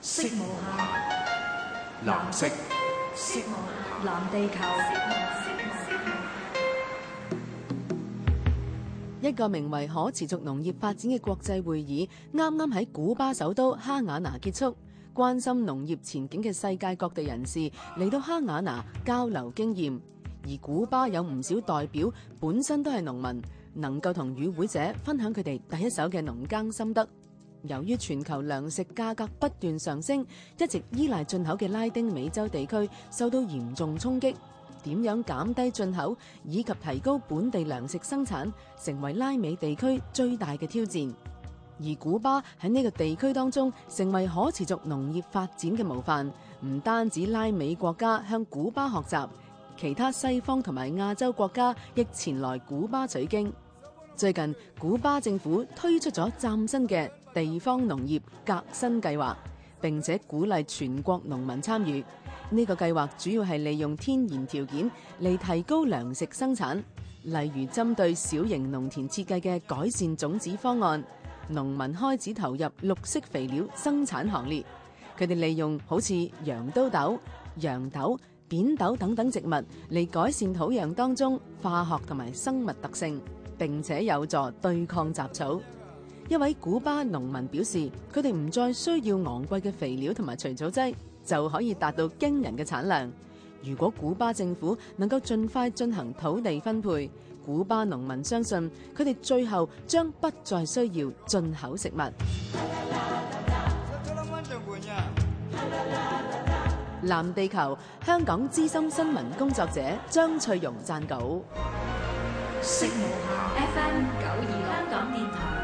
色無下藍色，色母下，藍地球。一個名為可持續農業發展嘅國際會議，啱啱喺古巴首都哈瓦那結束。關心農業前景嘅世界各地人士嚟到哈瓦那交流經驗。而古巴有唔少代表本身都係農民，能夠同與會者分享佢哋第一手嘅農耕心得。由於全球糧食價格不斷上升，一直依賴進口嘅拉丁美洲地區受到嚴重衝擊。點樣減低進口以及提高本地糧食生產，成為拉美地區最大嘅挑戰。而古巴喺呢個地區當中成為可持續農業發展嘅模範，唔單止拉美國家向古巴學習，其他西方同埋亞洲國家亦前來古巴取經。最近，古巴政府推出咗嶄新嘅地方農業革新計劃，並且鼓勵全國農民參與。呢個計劃主要係利用天然條件嚟提高糧食生產，例如針對小型農田設計嘅改善種子方案。農民開始投入綠色肥料生產行列，佢哋利用好似羊刀豆、羊豆、扁豆等等植物嚟改善土壤當中化學同埋生物特性，並且有助對抗雜草。一位古巴農民表示，佢哋唔再需要昂貴嘅肥料同埋除草劑，就可以達到驚人嘅產量。如果古巴政府能夠盡快進行土地分配，古巴農民相信佢哋最後將不再需要進口食物。藍地球，香港資深新，新聞工作者張翠容撰稿。F M 九二六香港電台。嗯